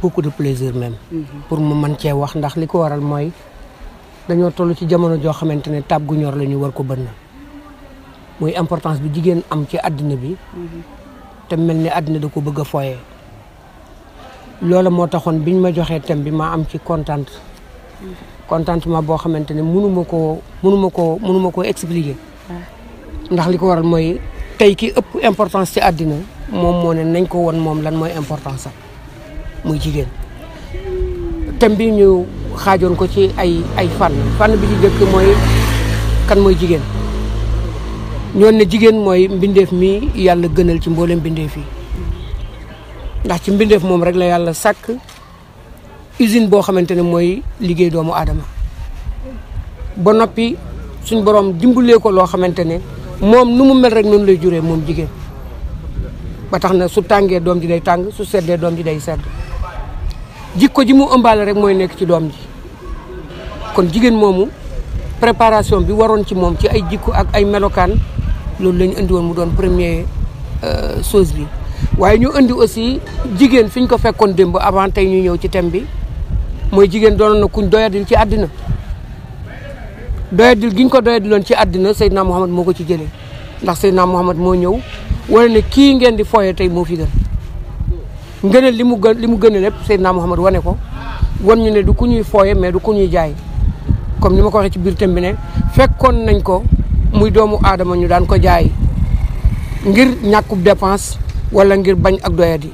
beaucoup de plaisir même mhm. pour mu man cee wax ndax li ko waral mooy dañoo toll ci jamono joo xamante ne tab gu ñor la ñu war ko bënn muy importance bi jigéen am ci àddina bi mhm. te mel ni àddina da ko bëgg a foyee loola moo taxoon biñ ma joxee content, bi ma am ci contente mhm. contentement boo xamante ne mënuma koo mënuma koo mënuma koo expliquer ah. ndax li ko waral mooy tey ki ëpp importance ci àddina moom moo ne nañ ko won moom lan mooy importance muy jigen tam bi ñu xajoon ko ci ay ay fan, fan bi ci jëkk moy kan moy jigen ñoon ne jigen moy mbindef mi yalla gënal ci mbolem bindef yi ndax ci mbindef mom rek la yalla sak usine bo xamantene moy liggey doomu adama ba nopi suñ borom dimbulé ko lo xamantene mom numu mel rek non lay juré mom jigen ba taxna su tangé dom di day tang, su sédé dom di day sédé jikko ji mu ëmbaale rek mooy nekk ci doom ji kon jigéen moomu préparation bi waroon ci moom ci ay jikko ak ay melokaan loolu lañu ñu indi woon mu doon premier euh, chose bi waaye ñu indi aussi jigéen fi ñu ko fekkoon démb avant tey ñu ñëw ci thème bi mooy jigéen doon na kuñ doyadil ci àddina doyadil gi ñu ko doyadiloon ci àddina Seydina Mouhamad moo ko ci jëlee ndax Seydina Mouhamad moo ñëw wala ne kii ngeen di fooye tey moo fi gën ngëneel li mu gën li mu gën lépp Seydina Mouhamad wane ko wan ñu ne du ku ñuy fooye mais du ku ñuy jaay comme ni ma ko waxee ci biir thème bi ne fekkoon nañ ko muy doomu aadama ñu daan ko jaay ngir ñàkkub dépense wala ngir bañ ak doyadi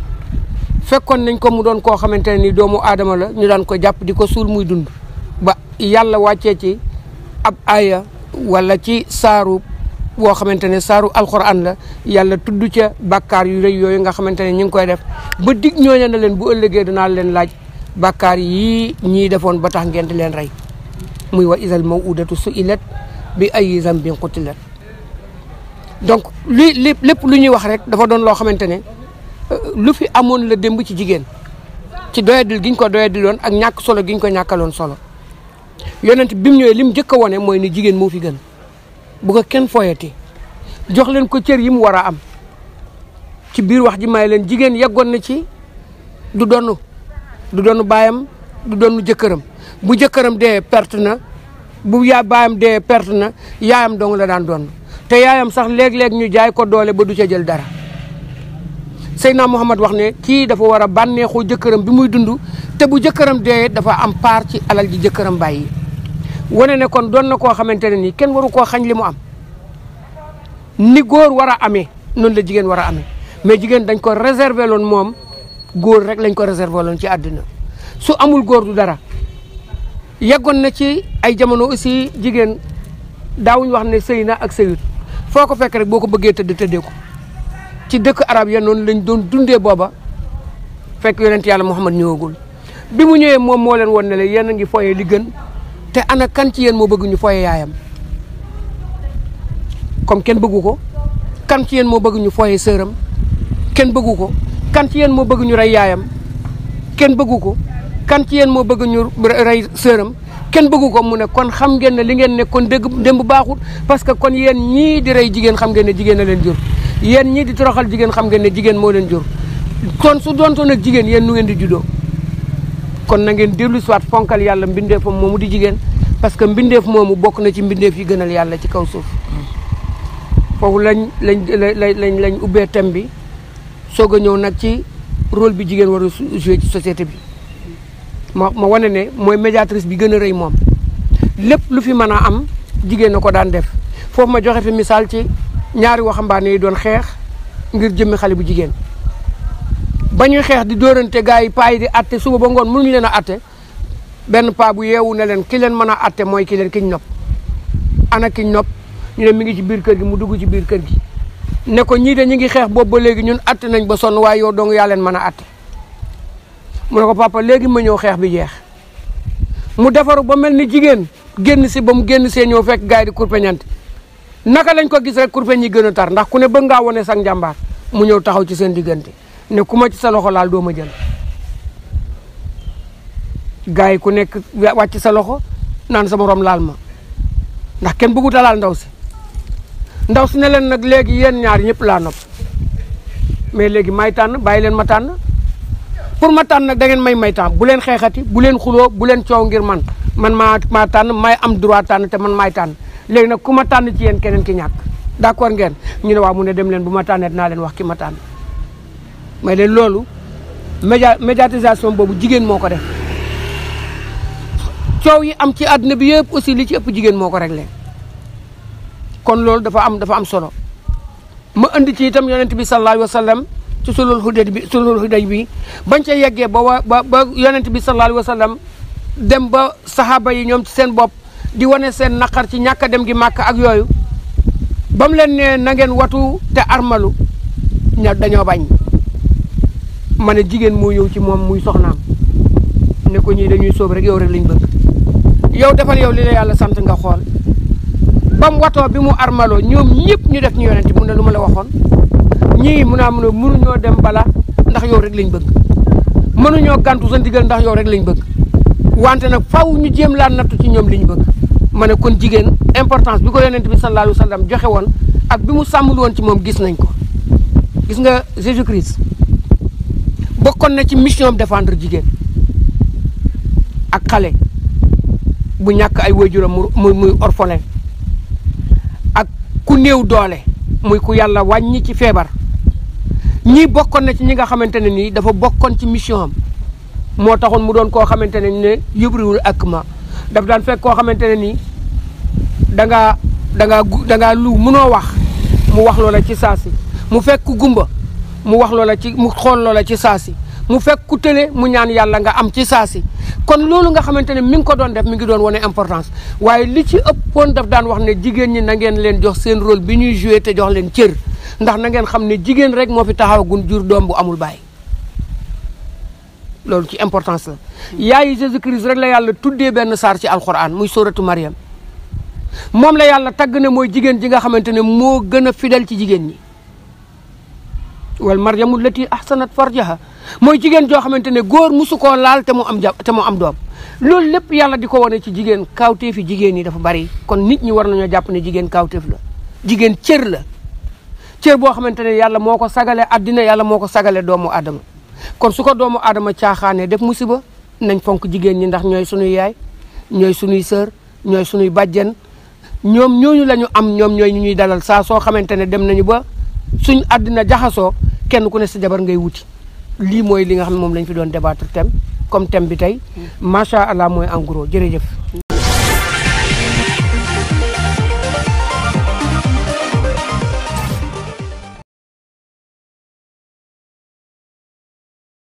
fekkoon nañ ko mu doon koo xamante ne doomu aadama la ñu daan ko jàpp di ko suul muy dund ba yàlla wàccee ci ab aya walla ci saarub woo xamante ne saaru alxuraan la yàlla tudd ca bàkkaar yu rëy yooyu nga xamante ne ñu ngi koy def ba dig ñooña na leen bu ëllëgee dinaa leen laaj bàkkaar yii ñii defoon ba tax ngeen di leen rey muy wax wa isal mawudatu ilet bi ay zambin qutilat donc li lépp lépp lu ñuy wax rek dafa doon loo xamante ne euh, lu fi amoon la démb ci jigéen ci doyadil giñ ko yoon ak ñàkk solo giñ ko ñàkkaloon solo yonent bi mu li lim njëkk woone mooy ni jigéen moo fi gën bu ko kenn foyati jox leen ko cër yi mu war a am ci biir wax ji may leen jigéen yeggoon na ci du donn du donn baayam du donn jëkkëram bu jëkkëram dee perte na bu yaa baayam dee perte na yaayam dong la daan donn te yaayam sax léeg-léeg ñu jaay ko doole ba du ca jël dara Seydina Muhammad wax ne ci dafa war a bànneexu jëkkëram bi muy dund te bu jëkkëram dee dafa am part ci alal ji jëkkëram yi wane ne kon doon na koo xamante ne nii kenn waru koo xañ li mu am ni góor war a amee noonu la jigéen war a amee mais jigéen dañ ko réserver loon moom góor rek lañ ko réserver loon ci àddina su amul góor du dara yeggoon na ci ay jamono aussi jigéen daawuñu wax ne sëy na ak sëyut foo ko fekk rek boo ko bëggee tëdd tëddee ko ci dëkk arab ya noonu lañ doon dundee booba fekk yonent yàlla Muhammad ñëwagul bi mu ñëwee moom moo leen woon ne la yéen a ngi foyee li gën te ana kan ci yéen moo bëgg ñu foye yaayam comme kenn bëggu ko kan ci yéen moo bëgg ñu foye sëram kenn bëggu ko kan moo bëgg ñu rey yaayam kenn bëggu ko kan ci yéen moo bëgg ñu rey sëram kenn bëggu ko mu ne kon xam ngeen ne li ngeen ne kon dégg démb baaxul parce que kon yéen ñii di rey jigéen xam ngeen ne jigéen a leen jur yéen ñii di toroxal jigéen xam ngeen ne jigéen moo leen jur kon su doontoon ak jigéen yéen nu ngeen di juddoo kon na ngeen dellu si waat fonkal yàlla mbindeefam moomu di jigéen parce que mbindeef moomu bokk na ci mbindeef yi gënal yàlla ci kaw suuf foofu lañ lañ lañ lañ lañ ubbee thème bi soog a ñëw nag ci rôle bi jigéen war a so ci société bi ma ma wane ne mooy médiatrice bi gën a rëy moom lépp lu fi mën a am jigéen a ko daan def foofu ma joxe fi misaal ci ñaari waxambaane yi doon xeex ngir jëmmi xale bu jigéen Banyu ñuy di dóorante gars yi di atte suba ba ngoon mënuñu leen a atte benn paa bu yeewu ne leen ki leen mën a atte mooy ki leen kiñ nopp ana kiñ nopp ñu ne mi ngi ci biir kër gi mu dugg ci biir kër gi ne ko ñii de ñu ngi ñun atte nañ ba son waaye yow dong yaa atte mu ne ko papa legi ma ñëw xeex bi jeex mu defaru ba mel ni jigéen génn si ba mu génn see fekk gars di kurpeñante naka lañ ko gis rek kurpeñ yi tar ndax ku ne bëgg ngaa wone sa mu taxaw ci seen ne ku ma ci sa loxo laal doo ma jël gars yi ku nekk wàcc sa loxo naan sa morom laal ma ndax kenn bëggut a ndaw si ndaw si ne leen nag léegi yéen ñaar ñëpp laa nopp mais léegi may tànn bàyyi leen ma tànn pour ma tànn nag da ngeen may may tànn bu leen xeexati bu leen xuloo bu leen coow ngir man man maa maa tànn may am droit tànn te man maay tànn léegi nag ku ma tànn ci yéen keneen ki ñàkk d'accord ngeen ñu ne waa mu ne dem leen bu ma tànnee naa leen wax ki ma may leen loolu média médiatisation boobu jigéen moo ko def coow yi am ci àdduna bi yëpp aussi li ci ëpp jigéen moo ko réglé kon loolu dafa am dafa am solo ma indi ci itam yonent bi sallallahu alayhi wa sallam ci sulul xuday bi bi bañ ca yeggee ba ba ba yonent bi sallallahu alayhi wa dem ba saxaaba yi ñoom ci seen bopp di wane seen naqar ci ñàkk a dem gi màkk ak yooyu ba leen ne na watu te armalu ña dañoo bañ mané jigen mo yow ci mom muy soxnam né ko ñi dañuy soob rek yow rek liñ bëgg yow defal yow li la yalla sant nga xol bam wato bi mu armalo ñom ñepp ñu def ñu yonenti mu ne luma la waxon ñi mu na mëno mënu ñoo dem bala ndax yow rek liñ bëgg mënu ñoo gantu sa digël ndax yow rek liñ bëgg wante nak faaw ñu jëm la nattu ci ñom liñ bëgg mané kon jigen importance bi ko yonenti bi sallallahu alayhi wasallam joxe won ak bi mu samul won ci mom gis nañ ko gis nga Jésus Christ bokkoon na ci mission am défendre jigéen ak xale bu ñàkk ay waajuram mu muy orphelin ak ku néew doole muy ku yàlla wàññi ci feebar ñii bokkoon na ci ñi nga xamante ne nii dafa bokkoon ci mission moo taxoon mu doon koo xamante ne ne yëbriwul ma daf daan fekk koo xamante ne nii da ngaa da ngaa da lu mënoo wax mu wax loola ci saa si mu fekk gumba mu wax loola ci mu xool loola ci saa si mu fekk ku tële mu ñaan yàlla nga am ci saa si kon loolu nga xamante ne mi ngi ko doon def mi ngi doon wane importance waaye li ci ëppoon def daan wax ne jigéen ñi na ngeen leen jox seen rôle bi ñuy joué te jox leen cër ndax na ngeen xam ne jigéen rek moo fi taxawagun jur doom bu amul baay loolu ci importance la. yaayu Jésus Christ rek la yàlla tuddee benn saar ci alxuraan muy sóoratu Mariam moom la yàlla tagg ne mooy jigéen ji nga xamante ne moo gën a fidèle ci jigéen ñi. wal maryamu lati ahsanat farjaha moy jigen jo xamantene ne musuko lal te mo am jàpp te mo am dom lol lepp yalla diko woné wane ci jigéen kawteefi jigen ni dafa bari kon nit ñi war nañoo jàpp ne jigen kawteef la jigen cër la cër bo xamantene yalla moko sagalé adina sagale moko sagalé doomu adam kon suko doomu adam ci xaané def musiba nañ fonk jigen ni ndax ñoy suñu yaay ñoy suñu sœur ñoy suñu bàjjen ñom ñoñu lañu am ñom ñoy ñuy dalal sa so xamantene dem nañu ba suñ àddina jaxasoo kenn ku ne si jabar ngay wuti lii mooy li nga xam ne moom lañ fi doon débattre thème comme thème bi tey mm. macha allah mooy en gros jërëjëf.